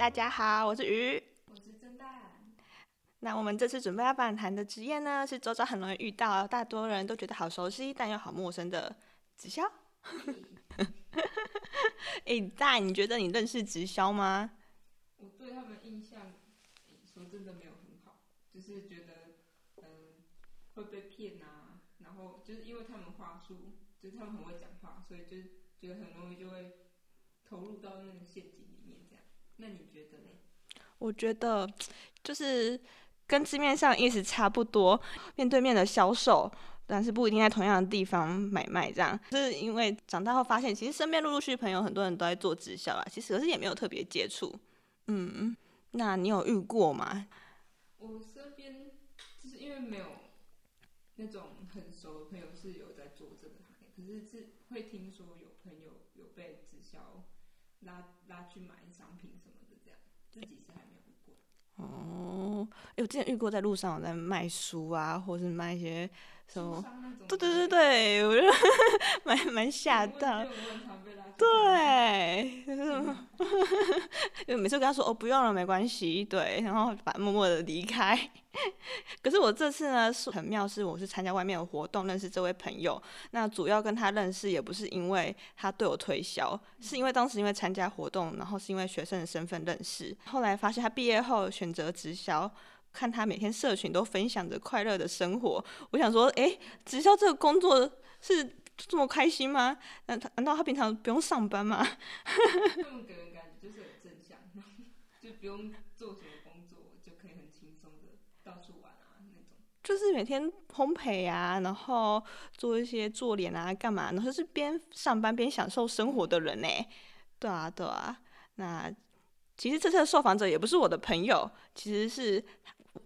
大家好，我是魚，我是甄蛋。那我們這次準備要訪談的職業呢，是周遭很容易遇到，大多人都覺得好熟悉，但又好陌生的直銷。哎、嗯，蛋、 欸，你覺得你認識直銷嗎？我對他們印象說真的沒有很好，就是覺得嗯、呃、會被騙啊，然後就是因為他們話術，就是、他們很會講話，所以就覺得很容易就會投入到那個陷阱。那你覺得呢？我覺得就是跟字面上意思差不多，面對面的銷售，但是不一定在同樣的地方買賣這樣，就是因為長大後發現，其實身邊陸陸續續朋友很多人都在做直銷啦，其實可是也沒有特別接觸。嗯嗯，那你有遇過嗎？我身邊就是因為沒有那種很熟的朋友是有在做這個行業，可是是會聽說有朋友有被直銷拉拉去買。哦誒，我之前遇過，在路上我在賣書啊，或是賣一些。什麼？對對對對，對我就蠻蠻嚇到，對，就、嗯、是， 因為每次跟他說哦不用了沒關係，對，然後把默默的離開。 可是我這次呢很妙，是我是參加外面的活動認識這位朋友，那主要跟他認識也不是因為他對我推銷、嗯，是因為當時因為參加活動，然後是因為學生的身份認識，後來發現他畢業後選擇直銷。看他每天社群都分享着快樂的生活，我想說，哎、欸，直銷這個工作是這麼開心嗎？那他難道他平常不用上班嗎？哈哈給人感覺就是很正向，就不用做什麼工作就可以很輕鬆的到處玩，啊那種。就是每天烘焙啊，然後做一些做臉啊，幹嘛？然後就是邊上班邊享受生活的人呢。對啊，對啊。那其實這次的受訪者也不是我的朋友，其實是。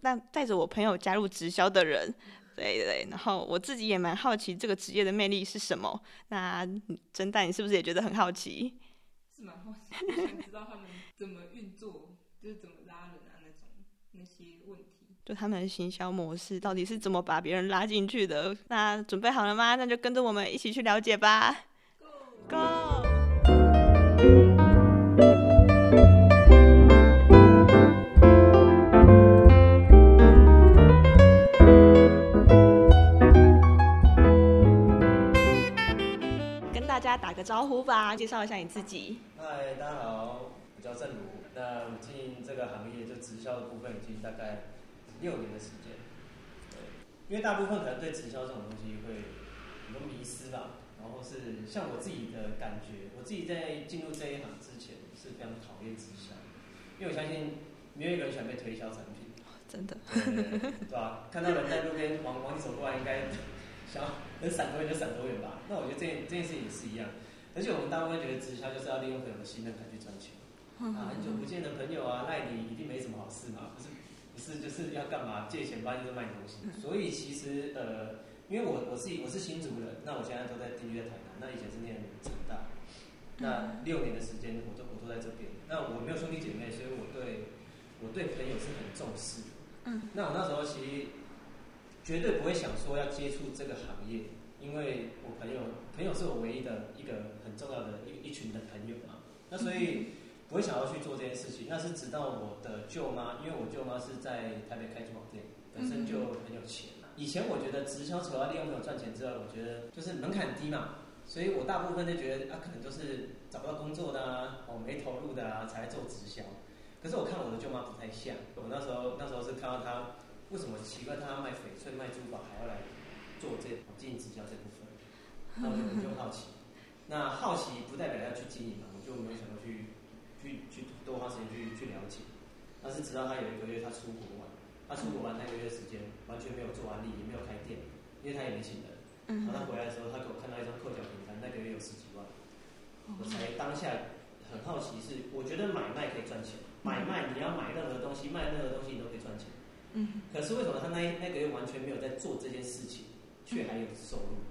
那帶着我朋友加入直銷的人，對對對，然後我自己也蠻好奇這個職業的魅力是什麼。那蒸蛋，你是不是也覺得很好奇？是蠻好奇，我想知道他們怎麼運作， 就是怎麼拉人啊那種那些問題，就他們的行銷模式到底是怎麼把別人拉進去的？那準備好了嗎？那就跟着我們一起去了解吧。Go go！打個招呼吧，介紹一下你自己。嗨，大家好，我叫政儒。那我經營這個行業，就直銷的部分已經大概六年的時間。對，因為大部分可能對直銷這種東西會很多迷思吧。然後是像我自己的感覺，我自己在進入這一行之前是非常討厭直銷，因為我相信沒有一個人想被推銷產品。真的？ 對吧、啊？看到人在路邊往往你走過來，應該。想能散多遠就散多遠吧。那我覺得這件這件事情也是一樣，而且我們大部分覺得直銷就是要利用朋友的信任才去賺錢，嗯。啊，很、嗯、久不見的朋友啊，那你一定沒什麼好事嘛，不是？不是就是要幹嘛借錢幫人、就是、賣東西、嗯。所以其實呃，因為我我自己我是新竹人，那我現在都在定居台南。那以前是念成大，那六年的時間我都我都在這邊。那我沒有兄弟姐妹，所以我對我對朋友是很重視的。嗯。那我那時候其實。絕對不會想說要接觸這個行業，因為我朋友朋友是我唯一的一個很重要的一一群的朋友嘛，那所以不會想要去做這件事情。那是直到我的舅媽，因為我舅媽是在台北開珠寶店，本身就很有錢嘛、嗯。以前我覺得直銷除了利用朋友賺錢之外，我覺得就是門檻低嘛，所以我大部分就覺得啊，可能都是找不到工作的啊，哦，沒投入的啊才來做直銷。可是我看我的舅媽不太像，我那時候那時候是看到她。為什麼奇怪他要賣翡翠、賣珠寶，還要來做這經營直銷這部分？那我就很就好奇。那好奇不代表要去經營，我就沒有想過去、去、去多花時間去去了解。但是直到他有一個月他出國玩，他出國玩那一個月的時間，完全沒有做安麗，也沒有開店，因為他也沒請人。嗯。然後他回來的時候，他給我看到一張扣繳憑單，那個月有十幾萬。我才當下很好奇是，是我覺得買賣可以賺錢，買賣你要買任何東西，賣任何東西你都可以賺錢。嗯，可是為什麼他那那個月完全沒有在做這件事情，卻還有收入，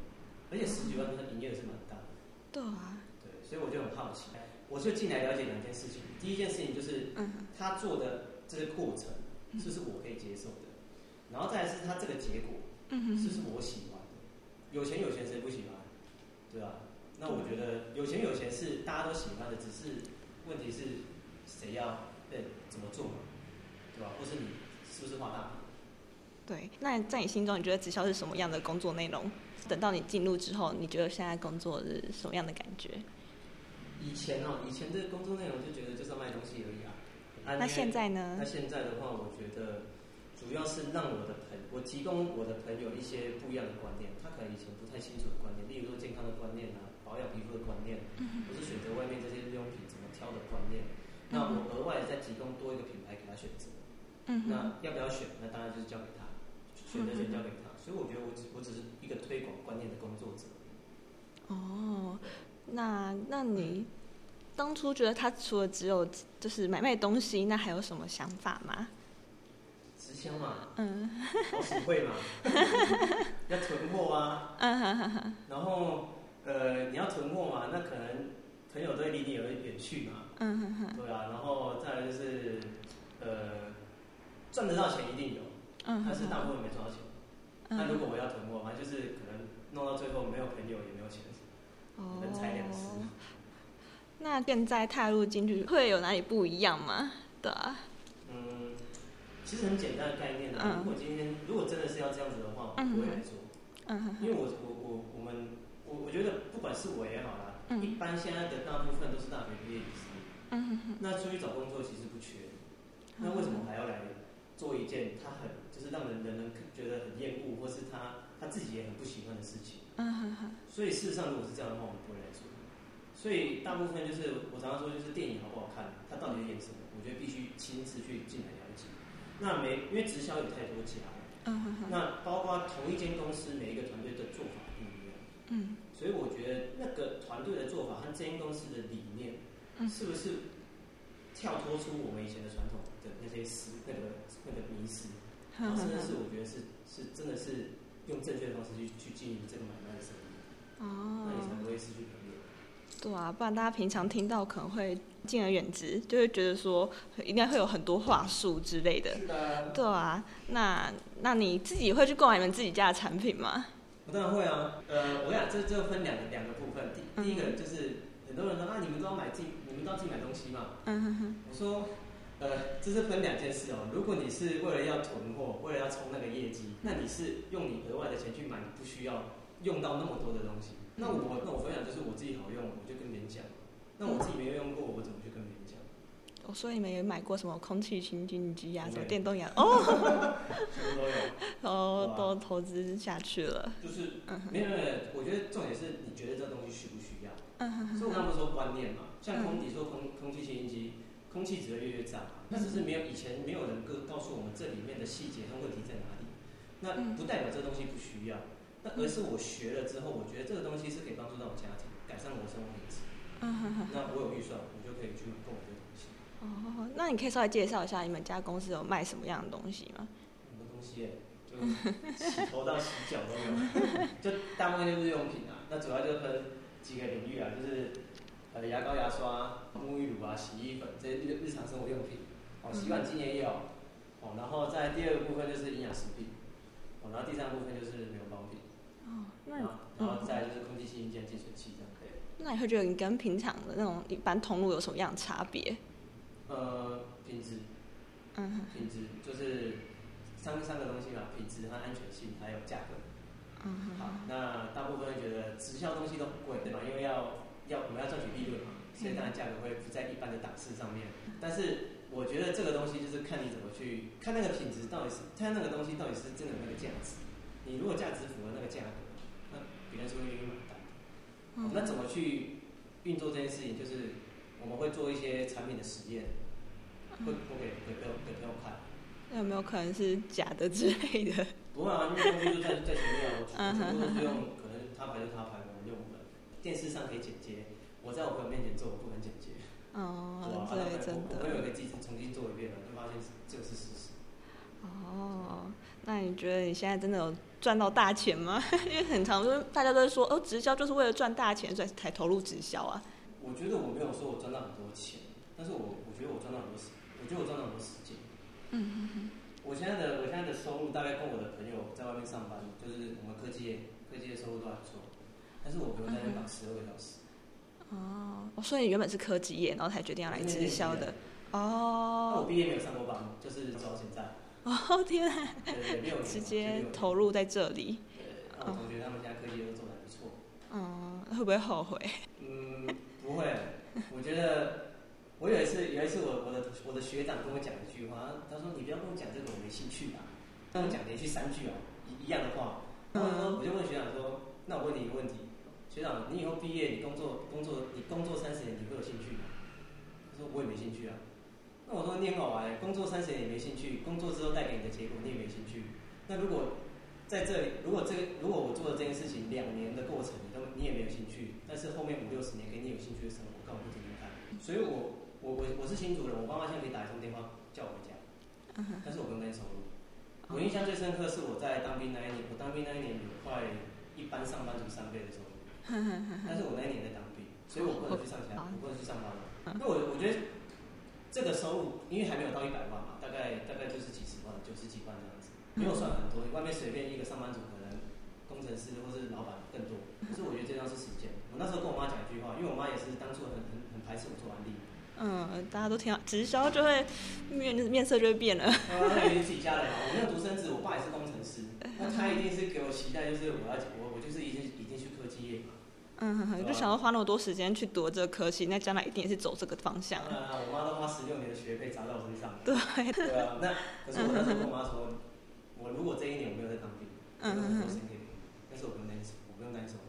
而且十幾萬，他的營業額是蠻大的。對啊，對，所以我就很好奇，我就進來了解兩件事情。第一件事情就是，嗯，他做的這個過程，是不是我可以接受的，然後再來是他這個結果，嗯哼，是不是我喜歡？有錢有錢誰不喜歡？對啊？那我覺得有錢有錢是大家都喜歡的，只是問題是誰要對怎麼做嘛？對吧？或是你？大。對，那在你心中，你覺得直銷是什麼樣的工作內容？等到你進入之後，你覺得現在工作是什麼樣的感覺？以前哦，以前的工作內容就覺得就是賣東西而已啊，啊。那現在呢？那現在的話，我覺得主要是讓我的朋友，我提供我的朋友一些不一樣的觀念。他可能以前不太清楚的觀念，例如說健康的觀念啊，保養皮膚的觀念，嗯、我是選擇外面這些日用品怎麼挑的觀念。嗯、那我額外再提供多一個品牌給他選擇。嗯、那要不要選？那當然就是交給他，就選擇選交給他、嗯。所以我覺得我只我只是一個推廣觀念的工作者。哦，那那你、嗯、當初覺得他除了只有就是買賣東西，那還有什麼想法嗎？直銷嘛，嗯，好，實惠嘛， 要囤貨啊、嗯哼哼哼，然後呃，你要囤貨嘛，那可能朋友都離你有點遠去嘛，嗯哼哼對啊，然後再來就是呃。賺得到錢一定有，但是大部分沒賺到錢。那如果我要囤貨的話就是可能弄到最後沒有朋友也沒有錢，人財兩失。那現在踏入進去會有哪裡不一樣嗎？對啊。嗯，其實很簡單的概念。嗯。如果今天如果真的是要這樣子的話，我不會來做。嗯，因為我我我我們我我覺得不管是我也好啦，一般現在的大部分都是大學畢業的。那出去找工作其實不缺，那為什麼還要來？做一件他很就是讓人人人覺得很厭惡，或是他他自己也很不喜歡的事情。嗯，好好。所以事實上，如果是這樣的話，我們不會來做。所以大部分就是我常常說，就是電影好不好看，他到底演什麼？我覺得必須親自去進來了解。那每因為直銷有太多家。嗯哼，那包括同一間公司，每一個團隊的做法不一樣。嗯。所以我覺得那個團隊的做法和這間公司的理念，是不是跳脫出我們以前的傳統的那些死那個？這、那個迷失，真的、啊、是、是我覺得是是真的是用正確的方式去去經營這個買賣的生意，哦，那也才不會失去。對啊，不然大家平常聽到可能會敬而遠之，就會覺得說應該會有很多話術之類的。對啊，那那你自己會去購買你們自己家的產品嗎？我當然會啊，呃，我倆這這就分兩兩個、個部分，第第一個就是很多人說，那、嗯啊、你們都要買自己你們都要自己買東西嘛。嗯哼哼。我說。呃，這是分兩件事哦。如果你是為了要囤貨，為了要衝那個業績、嗯，那你是用你額外的錢去買，你不需要用到那麼多的東西。嗯、那我那我分享就是我自己好用，我就跟別人講。那我自己沒有用過，我怎麼去跟別人講？我、哦、說你們有買過什麼空氣清淨機呀、啊，Okay. 什麼電動牙、啊？哦、Oh! 都，什麼都有，然後都投資下去了。就是，嗯、沒有、沒有。我覺得重點是，你覺得這個東西需不需要？嗯、哼哼，所以他們說觀念嘛，像空氣說、嗯、空空氣清淨機。空氣只會越來越炸，那只是沒有以前沒有人告告訴我們這裡面的細節和問題在哪裡。那不代表這東西不需要，而是我學了之後，我覺得這個東西是可以幫助到我家庭，改善我的生活品質，嗯。那我有預算，我就可以去購買這個東西。哦，那你可以稍微介紹一下你們家公司有賣什麼樣的東西嗎？什麼東西、欸，就洗頭到洗腳都有， 就大部分就是用品啊。那主要就分幾個領域啊，就是。呃，牙膏、牙刷、沐浴乳啊、洗衣粉這些日日常生活用品，哦，洗碗精也有、嗯，哦，然後在第二個部分就是營養食品，哦，然後第三部分就是美容用品，哦、嗯，然後再就是空氣清淨機、淨水器這樣可以，那你會覺得你跟平常的那種一般通路有什麼樣的差別？呃，品質，嗯哼，品質就是三三個東西嘛，品質和安全性還有價格，嗯哼,哼，好，那大部分覺得直銷東西都很貴，對吧？因為要要我們要賺取利潤嘛，所以當然價格會不在一般的檔次上面。Okay. 但是我覺得這個東西就是看你怎麼去，看那個品質到底是，看那個東西到底是真的有那個價值。你如果價值符合那個價格，那別人就會願意買單。那怎麼去運作這件事情？就是我們會做一些產品的實驗，會撥給給給朋友看。有沒有可能是假的之類的、嗯？不會啊，因為東西就在在前面、啊， 我全部的費用，可能他牌就他牌。電視上可以剪接，我在我朋友面前做，我不能剪接。哦、oh,，對，真的。我有給自己重新做一遍了，就發現就是事實。哦、oh,，那你覺得你現在真的有賺到大錢嗎？ 因為很常，大家都說，哦，直銷就是為了賺大錢，所以才投入直銷啊。我覺得我沒有說我賺到很多錢，但是我我覺得我賺到很多時，我覺得我賺到，到很多時間。嗯 我現在的我現在的收入大概跟我的朋友在外面上班，就是我們科技科技的收入都還不錯。十二個小時。哦、oh,，所以你原本是科技業，然後才決定要來直銷的。哦。Oh. 那我畢業沒有上過班，就是到現在。哦、oh, 天啊，啊直接沒有投入在這裡。我覺得他們家科技業都做得還不錯。Oh. 嗯，會不會後悔？嗯，不會。我覺得，我有一次，有一次我，我我的我的學長跟我講一句話，他說：“你不要跟我講這個，我沒興趣啊。”那我講連續三句啊一，一樣的話。嗯。我就問學長說：“那我問你一個問題。”學長，你以後畢業，你工作，工作，你工作三十年，你會有興趣嗎、啊？他說我也沒興趣啊。那我都念告白，工作三十年也沒興趣，工作之後帶給你的結果你也沒興趣。那如果在這裡，如果這個，如果我做了這件事情，兩年的過程你都你也沒有興趣，但是後面五六十年給你有興趣的時候，我告訴不值得看。所以我我我我是新竹人，我爸媽現在可以打一通電話叫我回家，但是我都沒有收入。我印象最深刻是我在當兵那一年，我當兵那一年有快一般上班族三倍的收入。但是我那一年在當兵，所以我不能去上班，哦哦，我不能去上班了。哦哦、我我覺得這個收入，因為還沒有到一百萬嘛，大概大概就是幾十萬、九十幾萬這樣子，沒有算很多。嗯、外面隨便一個上班族，可能工程師或是老闆更多。可是我覺得這樣是實踐、嗯。我那時候跟我媽講一句話，因為我媽也是當初很很很排斥我做安麗。嗯，大家都聽直銷就會面面色就會變了。他一定是自己家的，我沒有獨生子，我爸也是工程師，那、嗯、他一定是給我期待，就是我要我。嗯，哼哼，就想要花那麼多時間去讀這個科技，那將來一定也是走這個方向。呃、啊啊啊，我媽都花十六年的學費砸在我身上。對。對啊、那可是我那時候跟我媽說、嗯，我如果這一年我沒有在當地，嗯嗯，但是我不用擔心，我不用擔心什麼。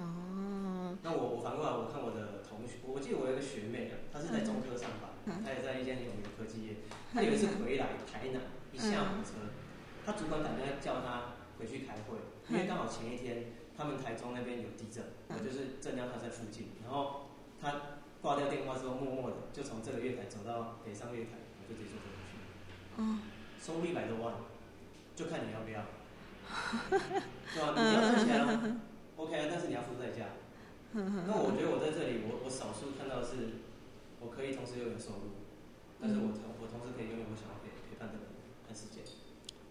哦。那我我反過來，我看我的同學，我記得我有一個學妹啊，她是在中科上班，她、嗯、也在一間有名的科技業、嗯，她有一次回來台南，一下火車、嗯，她主管打電話要叫她回去開會、嗯，因為剛好前一天。他們台中那邊有地震，我就是正巧他在附近，然後他掛掉電話之後，默默的就從這個月台走到北上月台，我就直接坐車回去。事。收入一百多萬，就看你要不要，對 吧、啊？你要付錢啊。o、okay, k，但是你要付代價。那我覺得我在這裡，我我少數看到的是，我可以同時擁有點收入，但是我同我同時可以擁有我想要。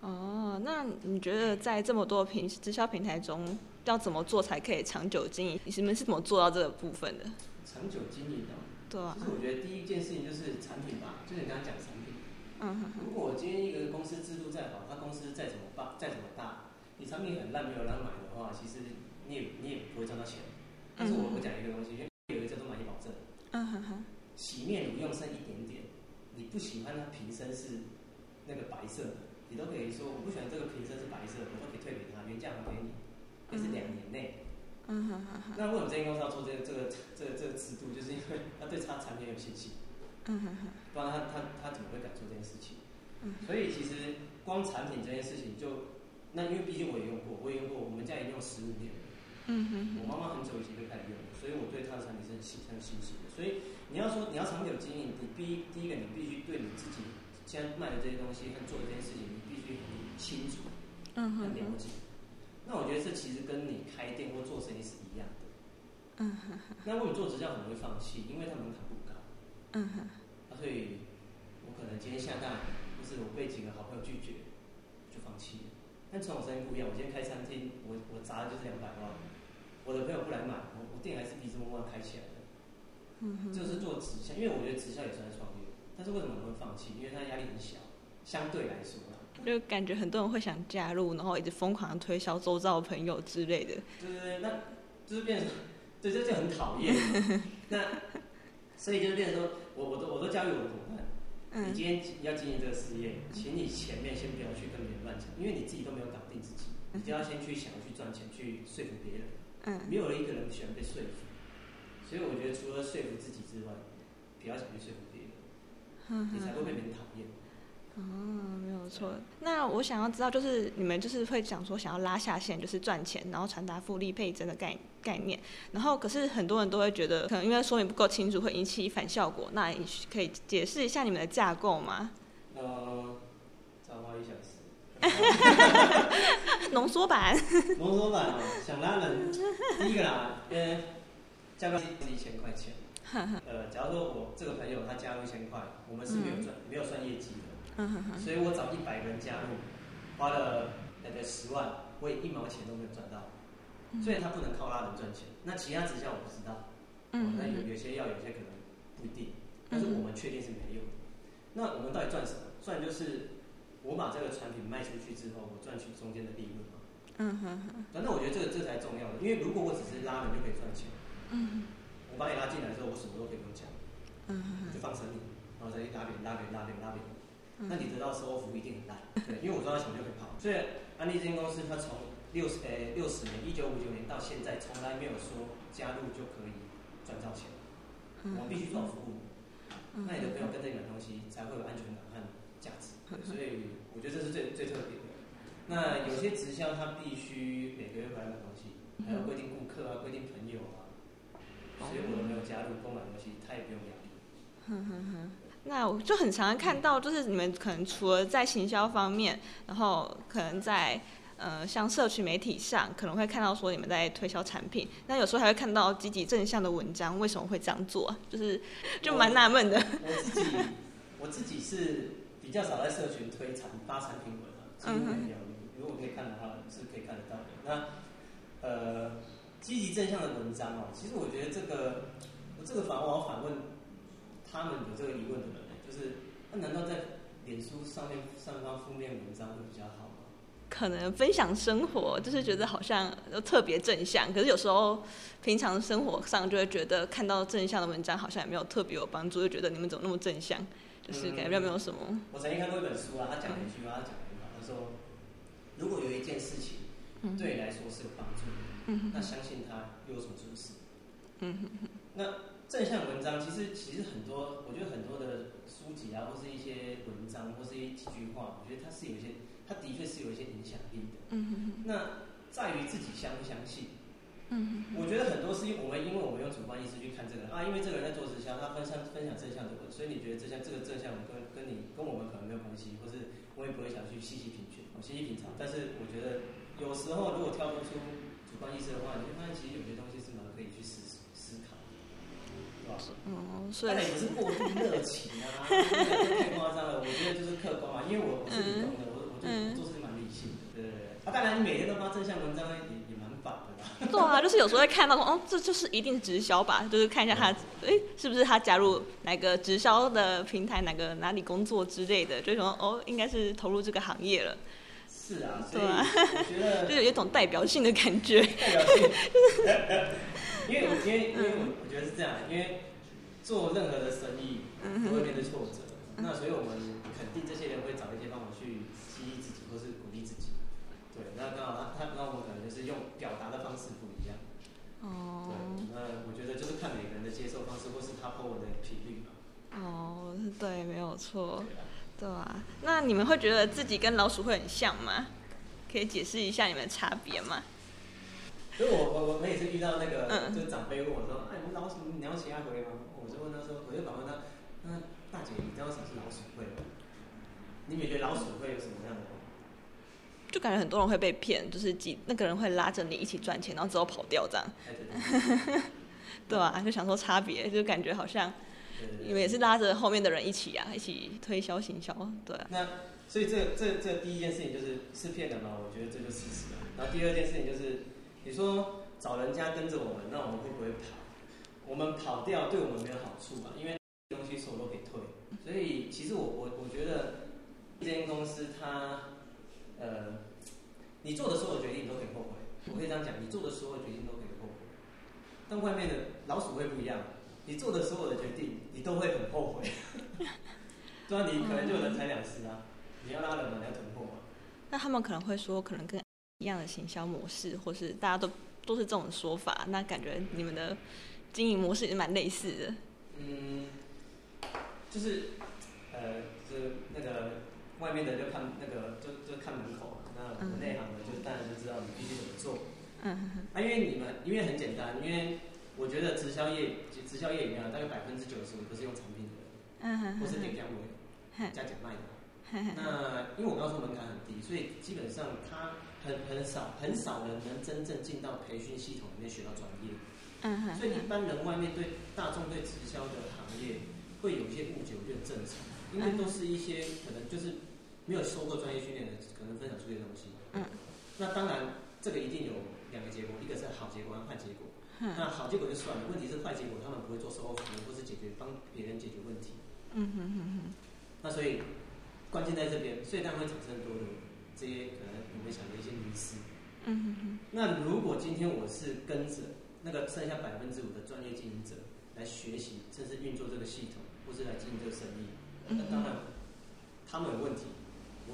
哦，那你覺得在這麼多平直銷平台中，要怎麼做才可以長久經營？你們是，是，是怎麼做到這個部分的？長久經營的，對啊。是我覺得第一件事情就是產品吧，嗯、就你剛剛講的產品。嗯。嗯嗯，如果我今天一個公司制度再好，他公司再怎麼大，再怎麼大，你產品很爛，沒有人買的話，其實你也你也不會賺到錢、嗯嗯。但是我會講一個東西，因為有一個叫“做不滿意保證”嗯。嗯哼哼、嗯。洗面乳用剩一點點，你不喜歡它瓶身是那個白色的。你都可以說我不喜歡這個瓶身是白色的，我都可以退給他，原價還給你，也是兩年內、嗯嗯。那為什麼這間公司要做這個這個這個這個制度，這個？就是因為他對他產品有信心。不、嗯、然他他他怎麼會敢做這件事情，嗯？所以其實光產品這件事情就，那因為畢竟我也用過，我也用過，我們家已經用十五年了。我媽媽很久以前就開始用了，所以我對他的產品是很信、有信心的。所以你要說你要長久經營，你第一第一個你必須對你自己。現在賣的這些東西和做的這件事情，你必須很清楚，嗯很了解，嗯哼哼。那我覺得這其實跟你開店或做生意是一樣的，嗯哼，哼。那如果你做直銷可能會放棄？因為它門檻不高，嗯哼。啊、所以，我可能今天下單，或是我被幾個好朋友拒絕，就放棄了。但傳統生意不一樣，我今天開餐廳，我我砸的就是兩百萬，嗯，我的朋友不來買，我我店還是一直慢慢開起來的，嗯，就是做直銷，因為我覺得直銷也算創業。但是為什麼會放棄？因為他壓力很小，相對來說。就感覺很多人會想加入，然後一直瘋狂推銷周遭朋友之類的。對對對，那，就是變成，對，這就，就很討厭。 那，所以就變成說，我我都我都教育我的同伴、嗯：，你今天要經營這個事業，請你前面先不要去跟別人亂講，因為你自己都沒有搞定自己，你就要先去想要去賺錢，去說服別人。嗯。沒有一個人喜歡被說服，所以我覺得除了說服自己之外，不要想去說服。你 才會被別人討厭。哦，沒有錯。那我想要知道，就是你們就是會講說想要拉下線，就是賺錢，然後傳達複利倍增的概概念。然後可是很多人都會覺得，可能因為說明不夠清楚，會引起反效果。那也可以解釋一下你們的架構嗎？呃、嗯，消耗一小時。哈哈哈哈哈濃縮版。濃縮版，想拉人 第一個人嗯、欸，加是一千塊錢。 呃，假如說我這個朋友他加入一千塊，我們是沒有賺，嗯、沒有算業績的。嗯嗯嗯、所以我找一百個人加入，花了，大概十萬，我也一毛錢都沒有賺到、嗯。所以他不能靠拉人賺錢。那其他直銷我不知道。那、嗯、有、嗯嗯、有些要，有些可能不一定，但是我們確定是沒用、嗯嗯。那我們到底賺什麼？賺就是我把這個產品賣出去之後，我賺取中間的利潤嘛。嗯反正、嗯嗯、我覺得這個這才重要的，因為如果我只是拉人就可以賺錢。嗯嗯把你拉進來之後，我什麼都可以不用講、嗯，就放生你然後再去拉別人、拉別人、拉別人、拉別人。那、嗯、你得到的收服一定很大，因為我賺到錢就可以跑， 所以安利這間公司，它從六十呃六十年，一九五九年到現在，從來沒有說加入就可以賺到錢。嗯、我們必須做好服務、嗯，那你的朋友跟着你買東西、嗯，才會有安全感和價值。所以我覺得這是最最特別的、嗯。那有些直銷，他必須每個月買買東西，還要規定顧客啊，規定朋友、啊。所以我沒有加入購買東西，他也不用養。那我就很常看到，就是你們可能除了在行銷方面，然後可能在呃像社群媒體上，可能會看到說你們在推銷產品。那有時候還會看到積極正向的文章，為什麼會這樣做？就是就蠻納悶的我。我自己 我自己是比較少在社群推產發產品文嘛，所以沒、uh -huh. 如果可以看的話，是可以看得到的。那呃。積極正向的文章哦，其實我覺得這個，這個反而我要反問他們的這個疑問的人，就是，那難道在臉書上面上發負面文章會比較好嗎？可能分享生活，就是覺得好像都特別正向，可是有時候平常生活上就會覺得看到正向的文章，好像也沒有特別有幫助，就覺得你們怎麼那麼正向，嗯、就是感覺沒有什麼。我曾經看過一本書啊，他講一句話，他講一句話。他說，如果有一件事情對你來說是有幫助的。嗯嗯、那相信他又有什麼尊師、嗯？那正向文章其實其實很多，我覺得很多的書籍啊，或是一些文章，或是一幾句話，我覺得它是有一些，它的確是有一些影響力的。嗯、哼哼，那在於自己相不相信、嗯哼哼。我覺得很多是因為我們因為我們用主觀意識去看這個人啊，因為這個人在做直銷，他分享分享正向的，所以你覺得這些這個正向跟跟你跟我們可能沒有關係，或是我也不會想去細細品卷，細細品嚐。但是我覺得有時候如果挑不出。不好意思的話，因為發現，其實有些東西是蠻可以去思思考的。嗯，對，所以、啊、不是過度熱情啊，太誇張，我覺得就是客觀啊，因為我我是理工的，嗯、我我，覺得我做做事蠻理性的。嗯、對，對，對，啊，當然每天都發正向文章也也蠻好的啦。對啊，就是有時候會看到說 哦，這就是一定是直銷吧？就是看一下他，哎、嗯欸，是不是他加入哪個直銷的平台，哪個哪裡工作之類的？就什麼哦，應該是投入這個行業了。是啊，所以我覺得 就有一種代表性的感覺，代表性 就是笑因為我今天因為因為我我覺得是這樣，因為做任何的生意都會面對挫折， 那所以我們肯定這些人會找一些方法去激勵自己或是鼓勵自己。對，那剛好他他那我們可能就是用表達的方式不一樣。哦。對，oh，那我覺得就是看每個人的接受方式或是他和我的頻率吧。哦、oh，對，沒有錯。對啊。對啊，那你們會覺得自己跟老鼠會很像嗎？可以解釋一下你們的差別嗎？所以我我我每次遇到那個、嗯、就長輩問我說，哎、啊，你老鼠你要其他、嗯、你老鼠會嗎？我就問他說，我就反問他，那大姐你知道什麼是老鼠會，你你覺得老鼠會有什麼樣的？就感覺很多人會被騙，就是幾那個人會拉着你一起賺錢，然後之後跑掉這樣。欸、對，對，對， 對啊，就想說差別，就感覺好像。因、嗯、為也是拉着後面的人一起啊，一起推銷行銷啊，對。那所以這這這第一件事情就是是騙人嘛，我覺得這個事實啊。然後第二件事情就是，你說找人家跟着我們，那我們會不會跑？我們跑掉對我們沒有好處嘛，因為東西是我都可以退。所以其實我我我覺得這間公司它，呃，你做的所有決定你都可以後悔，我可以這樣講，你做的所有決定都可以後悔。但外面的老鼠會不一樣。你做的所有的決定，你都會很後悔 對啊，你可能就人財兩失啊、嗯！你要拉人嘛，你要囤貨嘛。那他們可能會說，可能跟一樣的行銷模式，或是大家都都是這種說法。那感覺你們的經營模式也是蠻類似的。嗯，就是呃，就那個外面的就看那個就就看門口、啊嗯、那內行的就當然就知道你必須怎麼做。嗯哼、啊、因為你們因為很簡單，因為。我覺得直銷業，直銷業裡面大概百分之九十五都是用產品的人，嗯嗯嗯嗯嗯，的嗯，或是講講威，加減賣的，那因為我剛剛說門檻很低，所以基本上他很很少很少人能真正進到培訓系統裡面學到專業。嗯哼，嗯嗯。所以一般人外面對大眾對直銷的行業會有一些誤解，我覺得很正常，因為都是一些可能就是沒有受過專業訓練的可能分享出一些的東西。嗯。嗯，那當然，這個一定有兩個結果，一個是好結果，壞結果。 那好結果就算了，問題是壞結果，他們不會做售後服務，或是解決幫別人解決問題。嗯哼哼哼。那所以關鍵在這邊，所以才會產生多的這些可能你們想的一些迷思。嗯哼哼。那如果今天我是跟着那個剩下百分之五的專業經營者來學習，甚至運作這個系統，或是來經營這個生意，那、嗯呃、當然他們有問題，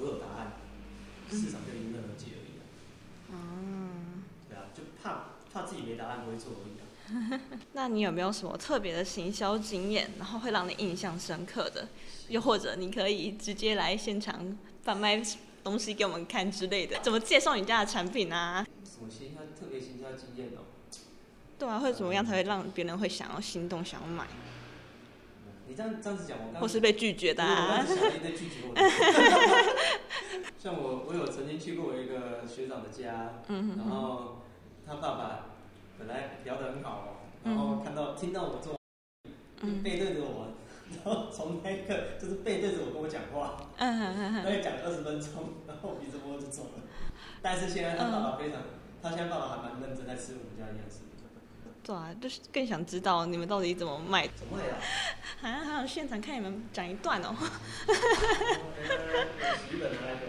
我有答案，市場就迎刃而解而已了、嗯。對啊，就怕。他自己沒答案不會做，不一樣。 那你有沒有什麼特別的行銷經驗，然後會讓你印象深刻的？又或者你可以直接來現場販賣東西給我們看之類的？怎麼介紹你家的產品啊？什麼行銷，特別行銷經驗呢、哦？對啊，會怎麼樣才會讓別人會想要心動想要買？嗯、你這樣這樣子講，我剛或是被拒絕的啊。一被 拒絕我，哈 像我，我有曾經去過一個學長的家，嗯，然後。他爸爸本來聊得很好哦，然後看到、嗯、聽到我做，背對着我、嗯，然後從那一個就是背對着我跟我講話，嗯嗯嗯嗯，可、嗯、以、嗯、講二十分鐘，然後鼻子摸就走了。但是現在他爸爸非常、嗯，他現在爸爸還蠻認真在吃我們家鴨子。對、嗯 嗯、 啊，就是更想知道你們到底怎麼賣？怎麼賣啊， 啊？好像好想現場看你們講一段哦。哈哈哈哈哈。來，給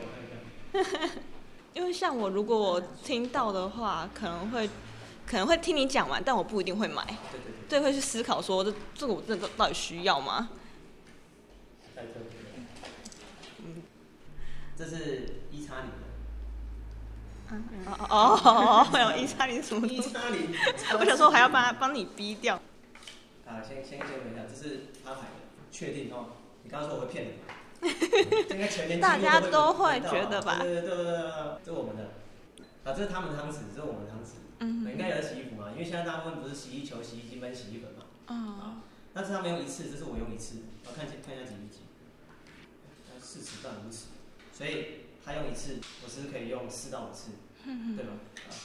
我看一下。 因為像我，如果我聽到的話，可能會，可能會聽你講完，但我不一定會買，對，對，會去思考說這這個我真的到底需要嗎？這，嗯，這是一叉零的，啊啊哦哦有一叉零什麼？一叉零，我想說，我還要幫他幫你逼掉。啊，先先先一下，這是他買的，確定哦？你剛剛說我會騙你嗎？ 應該全年大家都會覺得吧？對對，對對對，這是我們的啊，這是他們的湯匙，這是我們的湯匙。嗯，應該有洗衣服嘛，因為現在大部分不是洗衣球、洗衣機、跟洗衣粉嘛、嗯。啊。但是他們用一次，這是我用一次。我、啊、看一下，看一下幾幾，四次到五次，所以他用一次，我是，是可以用四到五次，嗯、對吧？啊。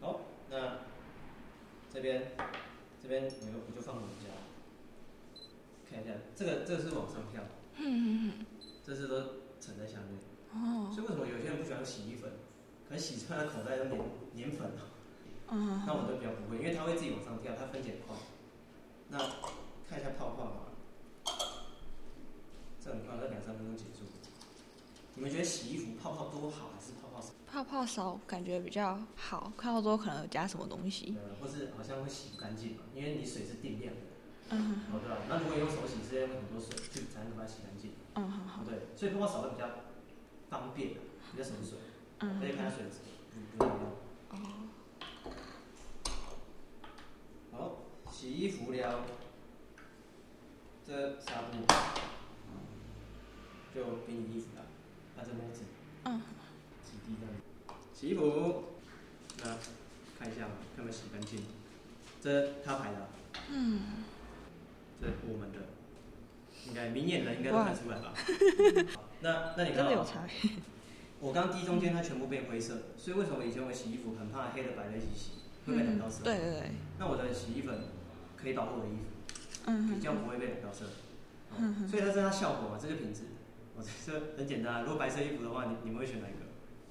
哦，那這邊這邊我就不就放我們家了。這個這個是往上跳，嗯嗯嗯，這是都沉在下面。哦，所以為什麼有些人不喜歡洗衣粉？可能洗出來的口袋都粘粉，啊、嗯，那我就比較不會，因為它會自己往上跳，它分解快。那看一下泡泡嘛，這很快，在兩三分鐘結束。你們覺得洗衣服泡泡多好還是泡泡少？泡泡少感覺比較好，泡泡多可能加什麼東西？或是，好像會洗不乾淨，因為你水是定量。嗯、uh -huh. oh，哦對、啊、那如果有用手洗，直接用很多水，就、嗯、才能把它洗乾淨。嗯，好好，對，所以泡泡少的比較方便，比較省水。嗯，而且看下水質，嗯，不難哦。好，uh -huh. oh, 洗衣服了，這紗布、嗯，就給你衣服了，把這帽子，嗯，幾滴這、uh -huh. 洗衣服，那看一下看有沒有洗乾淨。這他排的。嗯、uh -huh.。對，我們的，應該明眼人應該都看出來吧？那那你剛剛，我剛滴中間它全部變灰色，嗯、所以為什麼以前我洗衣服很怕黑的白的一起洗、嗯、會被染到色。對，對對，那我的洗衣粉可以保護我的衣服，嗯，比較不會被染到色。嗯。嗯、所以這是它效果嘛，這個品質。我這很簡單，如果白色衣服的話，你你們會選哪一個？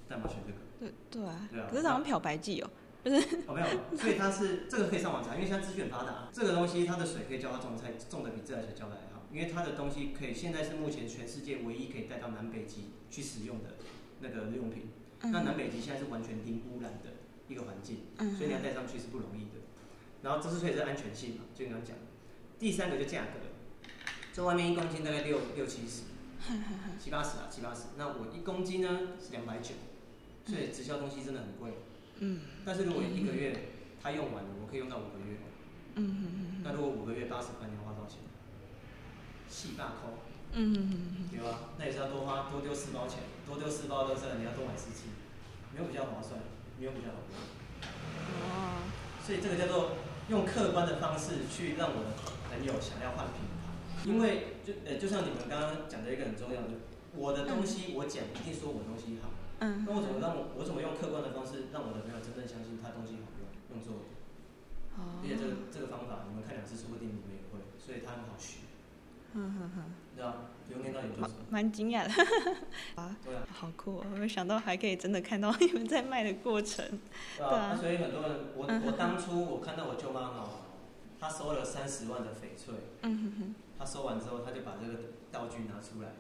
但我選這個。對對。對啊，這好像漂白劑哦、喔。 哦，沒有，所以它是這個可以上網查，因為現在資訊很發達。這個東西它的水可以教它種菜，種的比自來水澆的還好，因為它的東西可以。現在是目前全世界唯一可以帶到南北極去使用的那個日用品。那、嗯、南北極現在是完全零污染的一個環境，所以你要帶上去是不容易的。嗯嗯、然後這是所以是安全性嘛，就你剛剛講。第三個就價格，這外面一公斤大概六六七十、嗯嗯，七八十啊，七八十。那我一公斤呢是兩百九，所以直銷東西真的很貴。嗯嗯，但是如果一個月他用完了，嗯、我可以用到五個月。嗯嗯嗯。那如果五個月八十塊錢你要花多少錢？七八塊。嗯對吧、啊？那也是要多花多丟四包錢，多丟四包到這，你要多買四 G，沒有比較划算，沒有比較好。哦。所以這個叫做用客觀的方式去讓我的朋友想要換品牌，因為就呃就像你們剛剛講的一個很重要的，我的東西、嗯、我講一定說我的東西好。那、嗯、我怎麼讓我，我怎麼用客觀的方式讓我的朋友真正相信他東西好用用作，因、哦、為這個這個方法你們看兩次說不定你們也會，所以他很好學。嗯。哈哈。對啊，流年到底什麼？蠻驚訝的， 啊，對啊，好酷哦！我沒想到還可以真的看到你們在賣的過程。對啊，對啊啊，所以很多人，我、嗯、我當初我看到我舅媽嘛，啊，她收了三十萬的翡翠，嗯哼哼，她收完之後，她就把這個道具拿出來，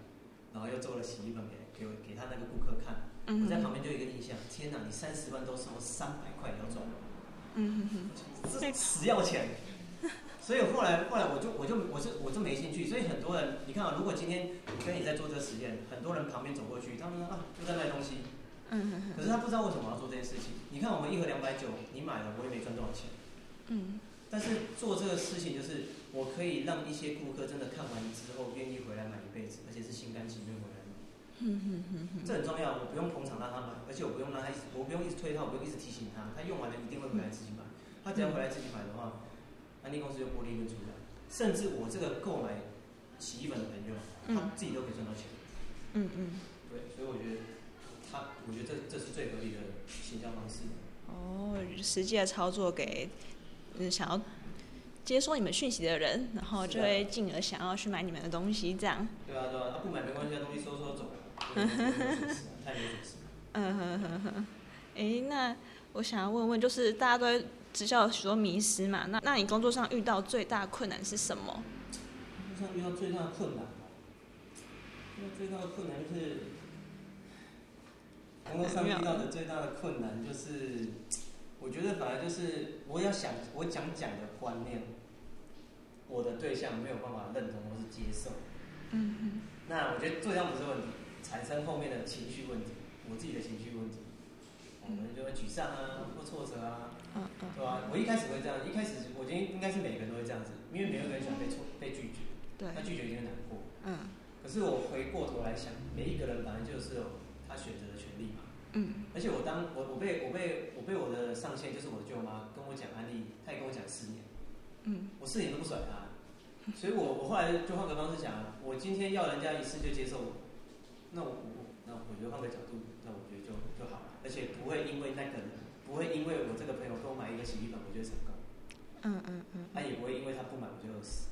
然後又做了洗衣粉給給給他那個顧客看。 我在旁邊就一個印象，天哪，你三十萬都收三百塊，你要賺？嗯 這是死要錢。所以後來後來我就我就我就我就，我就沒興趣。所以很多人你看啊，如果今天跟你在做這個實驗，很多人旁邊走過去，他們說啊又在賣東西。嗯 可是他不知道為什麼我要做這件事情。你看我們一盒兩百九，你買了我也沒賺多少錢。嗯。 但是做這個事情就是，我可以讓一些顧客真的看完之後願意回來買一輩子，而且是心甘情願買。嗯哼，哼哼，這很重要。我不用捧場讓他買，而且我不用讓他，我不用一直推他，我不用一直提醒他。他用完了一定會回來自己買。嗯、他只要回來自己買的話，安利公司就薄利跟出來，甚至我這個購買洗衣粉的朋友，嗯、他自己都可以賺到錢。嗯嗯。對，所以我覺得他、啊，我覺得這這是最合理的行銷方式。哦，實際的操作給、嗯、想要接收你們訊息的人，然後就會進而想要去買你們的東西，啊，這樣。對啊對啊，他不買沒關係，的東西收收走。嗯哼哼哼，哎，那我想要問問，就是大家都知道直銷有許多迷思嘛，那那你工作上遇到最大困難是什麼？工作上遇到最大的困難，最大的困難就是，工作上遇到的最大的困難就是，我覺得反而就是我要想我講講的觀念，我的對象沒有辦法認同或是接受。嗯哼，那我覺得做這樣不是問題。產生後面的情緒問題，我自己的情緒問題、嗯，我們就會沮喪啊，或挫折啊，嗯嗯、對吧、啊？我一開始會這樣，一開始我覺得應該是每個人都會這樣子，因為每一個人喜歡被挫、嗯、被拒絕，對，他拒絕一定會難過，嗯。可是我回過頭來想，每一個人反正就是有他選擇的權利嘛，嗯。而且我當我我被我被我被我的上線就是我的舅媽跟我講安麗，她也跟我講四年，嗯，我四年都不甩她、啊，所以我我後來就換個方式想，我今天要人家一次就接受我。那我我那我覺得換個角度，那我覺得就就好了，而且不會因為那個，不會因為我這個朋友給我買一個洗衣粉，我就成功。嗯嗯嗯。他、嗯、也不會因為他不買，我就死。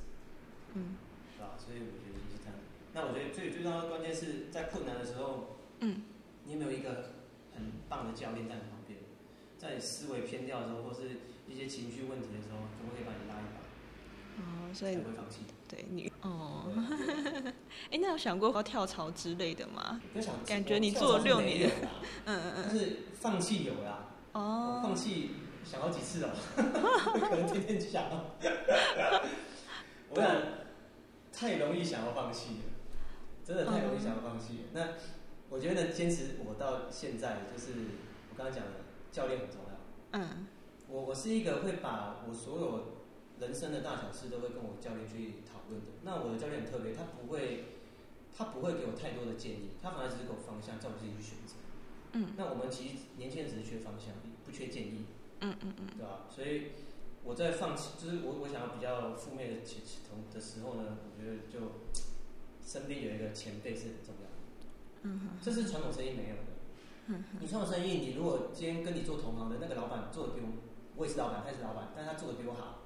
嗯。是吧？所以我覺得就是這樣。那我覺得最最重要的關鍵是在困難的時候，嗯，你有沒有一個很棒的教練在你旁邊，在思維偏掉的時候，或是一些情緒問題的時候，總會可以把你拉一把？嗯、哦，所以。你哦，哎，那有想過要跳槽之類的嗎？啊、感覺你做了六年，嗯嗯嗯，但是放棄有啦。哦。放棄想好幾次了、哦，可能天天想。 我想太容易想要放棄，真的太容易想要放棄。嗯、那我覺得堅持，我到現在就是我剛剛講的，教練很重要。嗯。我我是一個會把我所有。人生的大小事都會跟我教練去討論的。那我的教練很特別，他不會，他不會給我太多的建議，他反而只是給我方向，叫我自己去選擇。嗯。那我們其實年輕人只是缺方向，不缺建議。嗯嗯嗯嗯。對吧？所以我在放棄，就是我我想要比較負面的趨同的時候呢，我覺得就身邊有一個前輩是很重要的。這是傳統生意沒有的。你傳統生意，你如果今天跟你做同行的那個老闆做的比我，我也是老闆，他也是老闆，但他做的比我好。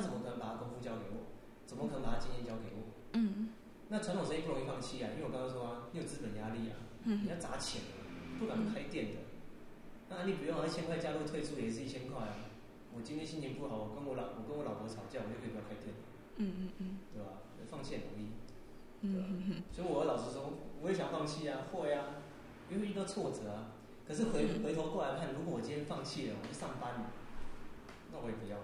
那怎麼可能把他功夫交給我？怎麼可能把他經驗交給我，嗯？那傳統生意不容易放棄啊，因為我剛剛說啊，你有資本壓力啊，你、嗯、要砸錢啊，不敢開店的。嗯、那你不用、啊、一千塊加入，退出也是一千塊啊。我今天心情不好，我跟我老我跟我老婆吵架，我就可以不要開店了嗯嗯，嗯，對吧？放棄容易，嗯嗯，對吧？所以，我老實說，我也想放棄啊，會呀，啊，因為遇到挫折啊。可是回回頭過來看，嗯，如果我今天放棄了，我去上班，那我也不要。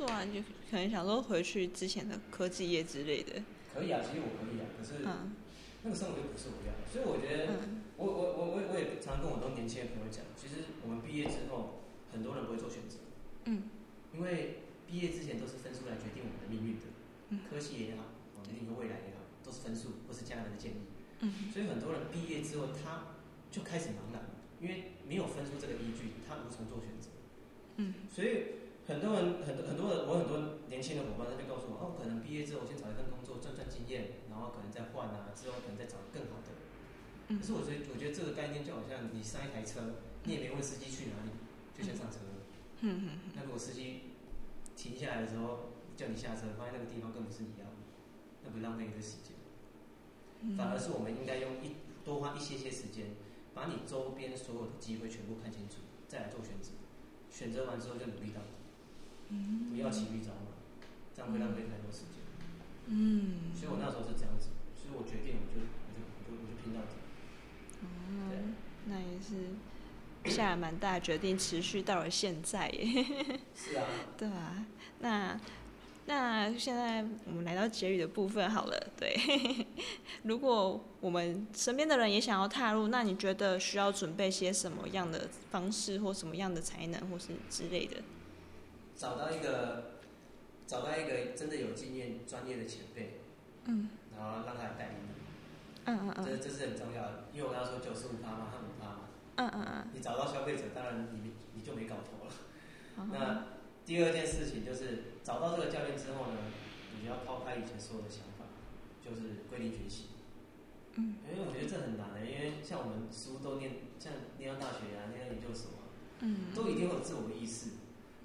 做完就可能想說回去之前的科技業之類的。可以啊，其實我可以啊，可是那個時候我就不是我要。所以我覺得我、嗯，我我我我我也常跟我都年輕的朋友講，其實我們畢業之後，很多人不會做選擇。嗯。因為畢業之前都是分數來決定我們的命運的，嗯、科技也好，我們的一個未來也好，都是分數或是家人的建議。嗯。所以很多人畢業之後，他就開始茫然，因為沒有分數這個依據，他無從做選擇。嗯。所以。很多人，很多很多的，我很多年輕的夥伴，他就告訴我：“哦，可能畢業之後我先找一份工作賺賺經驗，然後可能再換啊，之後可能再找更好的。”可是我覺，我覺得這個概念就好像你上一台車，你也沒問司機去哪裡、嗯哼，就先上車。嗯哼。那如果司機停下來的時候叫你下車，發現那個地方根本是一樣的，那不浪費一個時間？反而是我們應該用一多花一些些時間，把你周邊所有的機會全部看清楚，再來做選擇。選擇完之後就努力到。嗯、不要起預招嘛，這樣會浪費太多時間。嗯，所以我那時候是這樣子，所以我決定我就我就我就，我就拼到底。嗯對，那也是下了蠻大的決定， 持續到了現在耶。 是啊。對啊。那那現在我們來到結語的部分好了。對。 如果我們身邊的人也想要踏入，那你覺得需要準備些什麼樣的方式，或什麼樣的才能，或是之類的？嗯找到一個，找到一個真的有經驗、專業的前輩，嗯，然後讓他帶你，嗯嗯嗯，這這是很重要的。因為我剛才說九十五趴嘛，他五趴嘛，嗯嗯嗯，你找到消費者，當然你你就沒搞頭了。嗯、那第二件事情就是找到這個教練之後呢，你就要拋開以前所有的想法，就是歸零學習，嗯，因為我覺得這很難的，因為像我們書都念，像念到大學啊，念到研究所啊，嗯，都一定會有自我的意識。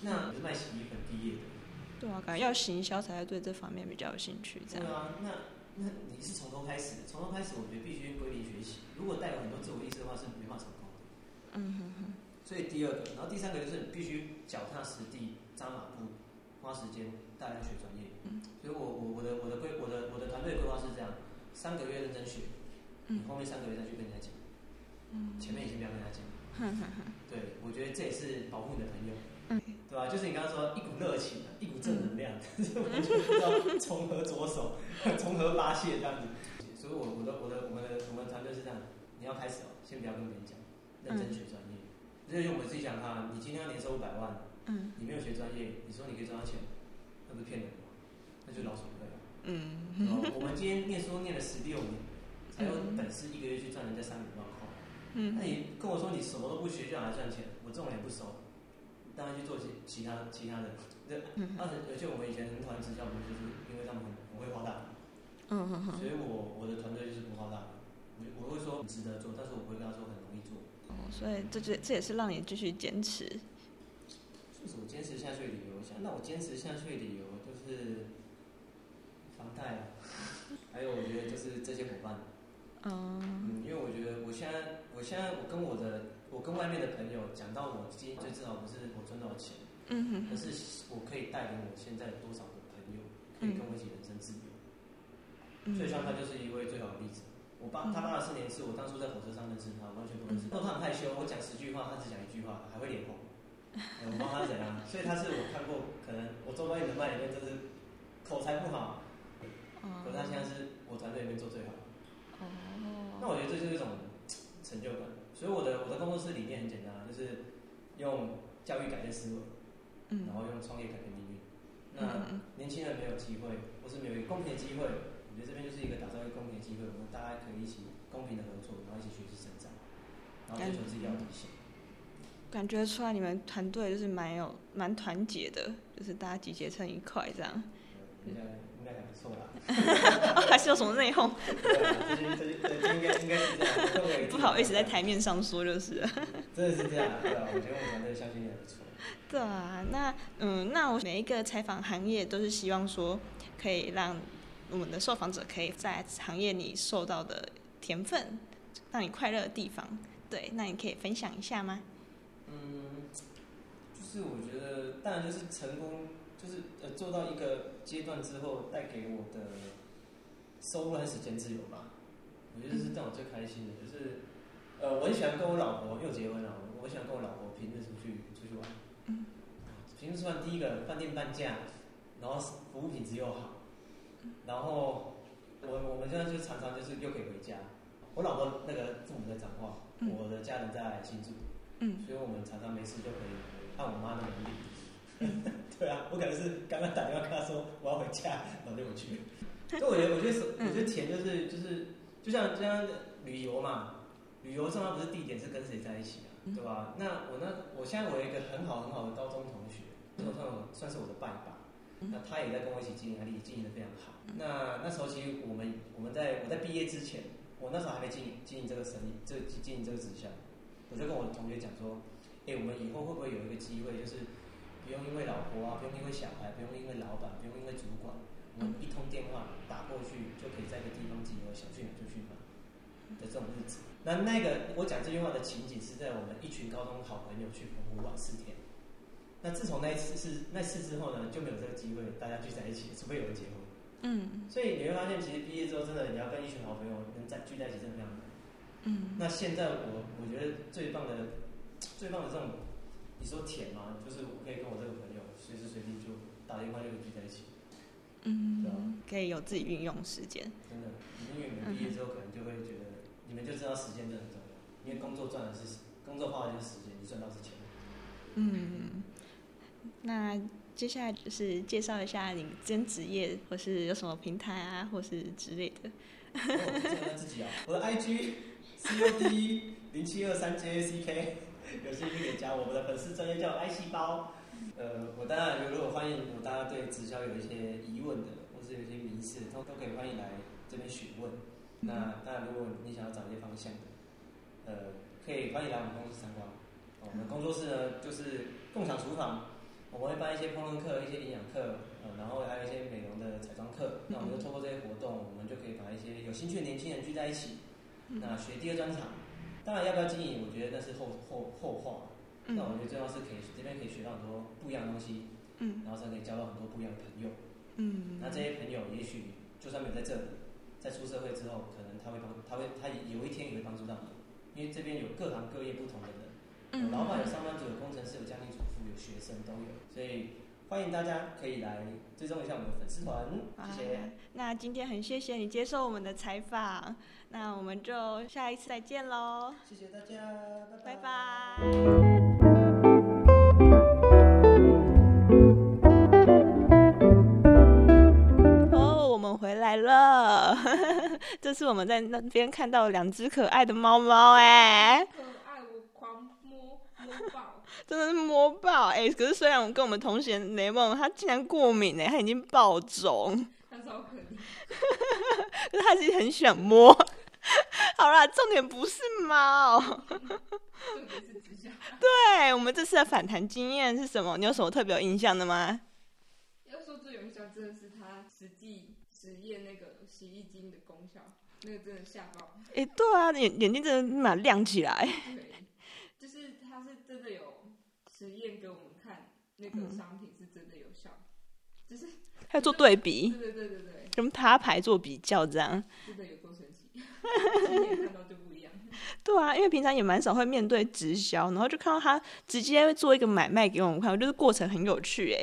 那你是賣洗衣粉畢業的？對啊，感覺要行銷才會對這方面比較有興趣，這樣。對啊，那那你是從頭開始？從頭開始，我覺得必須歸零學習。如果帶有很多自我意識的話，是沒法成功的。嗯哼哼。所以第二個，然後第三個就是你必須腳踏實地、扎馬步、花時間大量學專業。所以我我我的我的規我的我的團隊規劃是這樣：三個月認真學，後面三個月再去跟人家講。嗯。前面已經不要跟人家講。哈哈哈。對，我覺得這也是保護你的朋友。對吧？就是你剛剛說一股熱情、啊，一股正能量，嗯、但是就要從何着手，從何發泄這樣子。所以我，我的我的我的我們的團隊是這樣：你要開始哦，先不要跟別人講，認真學專業。所、嗯、以，我們自己講哈，你今天要年收五百萬、嗯，你沒有學專業，你說你可以賺到錢，那不是騙人嗎？那就老鼠不對了。嗯，然後我們今天念書念了十六年，才有本事一個月去賺人家三五萬塊。嗯，那你跟我說你什麼都不學就想來賺錢，我這種也不收。讓他去做其其他其他的，嗯，那而且我們以前很討厭直銷，不就是因為他們很我會誇大？嗯哼哼，所以我我的團隊就是不誇大，我我會說很值得做，但是我不會跟他說很容易做。哦，所以這這這也是讓你繼續堅持。就是我堅持下去的理由，像那我堅持下去的理由就是房貸，還有我覺得就是這些夥伴，嗯。嗯，因為我覺得我現在，我現在我跟我的。我跟外面的朋友講到我，我今天最自豪不是我賺多少錢，嗯哼，而是我可以帶給我現在多少個朋友可以跟我一起人生自由。嗯、所以，像他就是一位最好的例子。嗯、我爸，他爸爸四年次，是我當初在火車上認識他，我完全不認識。然、嗯、後他很害羞，我講十句話，他只講一句話，還會臉紅。 嗯、我幫他忍啊，所以他是我看過可能我周邊人脈裡面，就是口才不好，嗯、可是他現在是我團隊裡面做最好的。嗯、那我覺得這就是一種成就感。所以我的我的工作室理念很簡單，就是用教育改變思維，嗯，然後用創業改變命運。那年輕人沒有機會，或是沒有一個公平的機會，我覺得這邊就是一個打造一個公平的機會，我們大家可以一起公平的合作，然後一起學習成長，然後成就自己要理。感覺出來你們團隊就是蠻有蠻團結的，就是大家集結成一塊這樣。應該很不錯啦，還是有什麼內訌？ 應該應該是這樣 不好意思在台面上說就是。 真的是這樣，對啊，我覺得我們這相親也不錯。 對啊，那嗯，那我每一個採訪行業都是希望說可以讓我們的受訪者可以在行業裡受到的甜分，讓你快樂的地方。對，那你可以分享一下嗎？嗯 就是我覺得，當然就是成功。就是呃做到一個階段之後，帶給我的收入和時間自由吧，我覺得是這樣最開心的。嗯、就是呃，我很喜歡跟我老婆又結婚了，我很喜歡跟我老婆平時出去出去玩，嗯、平時吃飯第一個飯店半價，然後服務品質又好，嗯，然後我我們現在就常常就是又可以回家，我老婆那個父母在講話，嗯，我的家人在慶祝，嗯，所以我們常常沒事就可以按我媽的能力。 對啊，我可能是剛剛打電話跟他說我要回家，哪就我去？所以我覺得，我覺得，我覺得錢就是、嗯、就是，就像就像旅遊嘛，旅遊上它不是地點，是跟誰在一起啊，嗯、對吧？那我那我現在我有一個很好很好的高中同學，我、嗯、算我算是我的拜把、嗯，那他也在跟我一起經營安麗，也經營的非常好。嗯、那那時候其實我們我們在我在畢業之前，我那時候還沒經營經營這個生意，這經營這個直銷、嗯，我就跟我同學講說，哎，我們以後會不會有一個機會，就是。不用因為老婆啊，不用因為小孩，不用因為老闆，不用因為主管，我一通電話打過去就可以在一個地方自由，想去哪就去哪的這種日子。那那個我講這句話的情景是在我們一群高中好朋友去澎湖玩四天。那自從那一次，是那次之後呢，就沒有這個機會大家聚在一起，除非有人結婚。嗯。所以你會發現，其實畢業之後真的你要跟一群好朋友能再聚在一起真的非常難。嗯。那現在我我覺得最棒的最棒的這種。你說錢嗎？就是我可以跟我這個朋友隨時隨地就打電話就聚在一起。嗯，對啊，可以有自己運用時間。真的，因為你們畢業之後，嗯，可能就會覺得，你們就知道時間真的很重要，因為工作賺的是工作花的就是時間，你賺到是錢。嗯，那接下來就是介紹一下你兼職業或是有什麼平台啊，或是之類的。哈哈哈哈哈！我自己啊，我的 IG COD 零七二三 JACK。 有興趣可以加我們的粉絲專業叫 I 細胞。呃，我當然如果歡迎，我大家對直銷有一些疑問的，或是有一些迷思，都可以歡迎來這邊詢問。那當然，如果你想要找一些方向，呃，可以歡迎來我們公司參觀。我們工作室呢，就是共享廚房，我們會辦一些烹飪課、一些營養課，呃，然後還有一些美容的彩妝課。那我們就透過這些活動，我們就可以把一些有興趣的年輕人聚在一起，那學第二專長。當然，要不要經營，我覺得那是後後後話。那、嗯、我覺得最重要是可以這邊可以學到很多不一樣的東西，嗯、然後才可以交到很多不一樣的朋友。嗯嗯嗯，那這些朋友也許就算沒有在這裡，在出社會之後，可能他會幫，他會他有一天也會幫助到你，因為這邊有各行各業不同的人，嗯嗯嗯，有老闆，有上班族，有工程師，有家庭主婦，有學生都有，所以。歡迎大家可以來追蹤一下我們的粉絲團，謝謝。那今天很謝謝你接受我們的採訪，那我們就下一次再見嘍。謝謝大家，拜拜，拜拜。哦，我們回來了， 這次我們在那邊看到兩隻可愛的貓貓哎。真的是摸爆哎、欸！可是雖然我跟我們同學雷夢，他竟然過敏哎，他已經爆腫。他超可憐， 可是他自己很想摸。 好啦，重點不是貓。重點是對我們這次的反彈經驗是什麼？你有什麼特別有印象的嗎？要說最有印象，真的是他實際實驗那個洗衣精的功效，那個真的嚇爆。哎、欸，對啊，眼眼睛真的立馬亮起來。Okay. 就是他是真的有。實驗給我們看那個商品，是真的有效的。嗯，就是還要做對比，對對對對對，跟他牌做比較，這樣。真的有過程 對啊，因為平常也蠻少會面對直銷，然後就看到他直接做一個買賣給我們看，我覺得過程很有趣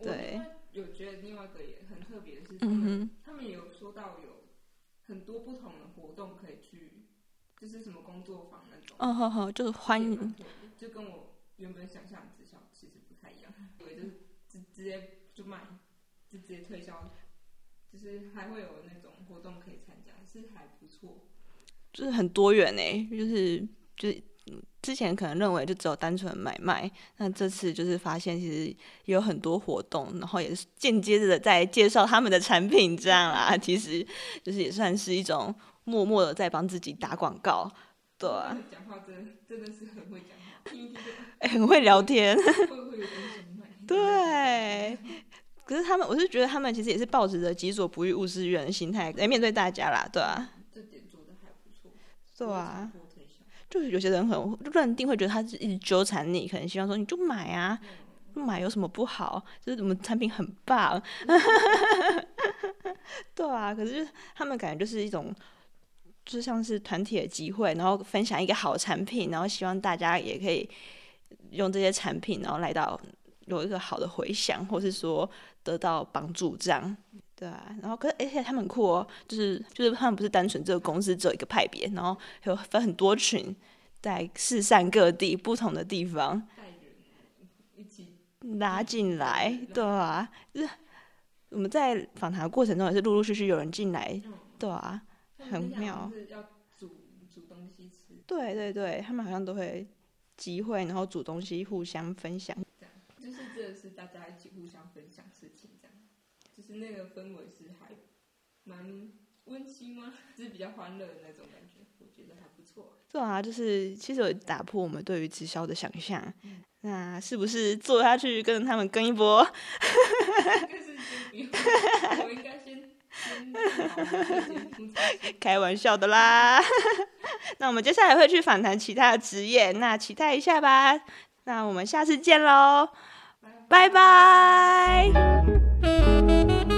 誒。對。我有覺得另外一個也很特別的事情，嗯哼、嗯，他們也有說到有很多不同的活動可以去，就是什麼工作坊那種。嗯、哦、好哼，就是歡迎，就跟我。原本想象之下其實不太一樣，以為就是直接就賣，就直接推銷，就是還會有那種活動可以參加，其實還不錯。就是很多元呢、欸，就是就是之前可能認為就只有單純買賣，那這次就是發現其實有很多活動，然後也是間接的在介紹他們的產品，這樣啦，其實就是也算是一種默默的在幫自己打廣告，對、啊。講話真的真的是很會講。 欸、很會聊天。 對， 可是他們，我是覺得他們其實也是抱着“己所不欲，勿施於人”的心態來、欸、面對大家啦，對吧、啊？的對啊。就是有些人很認定，會覺得他是一直糾纏你，可能希望說你就買啊，買有什麼不好？就是我們產品很棒。 對啊，可是就他們感覺就是一種。就像是團體的機會，然後分享一個好產品，然後希望大家也可以用這些產品，然後來到有一個好的回響，或是說得到幫助這樣。對啊，然後可是而且、欸、他們很酷哦、喔，就是就是他們不是單純這個公司只有一個派別，然後有分很多群在四散各地不同的地方，一起拉進來，對吧、啊？就是我們在訪談的過程中也是陸陸續續有人進來，對吧、啊？很妙，就是要煮煮東西吃。對對對，他們好像都會集會，然後煮東西互相分享。就是這是大家一起互相分享事情，這樣就是那個氛圍是還蠻溫馨嗎？就是比較歡樂的那種感覺，我覺得還不錯。對啊，就是其實有打破我們對於直銷的想象。嗯。那是不是坐下去跟他們跟一波？我， 我應該先。 開玩笑的啦， 那我們接下來會去訪談其他的職業，那期待一下吧。那我們下次見嘍，拜拜。Bye.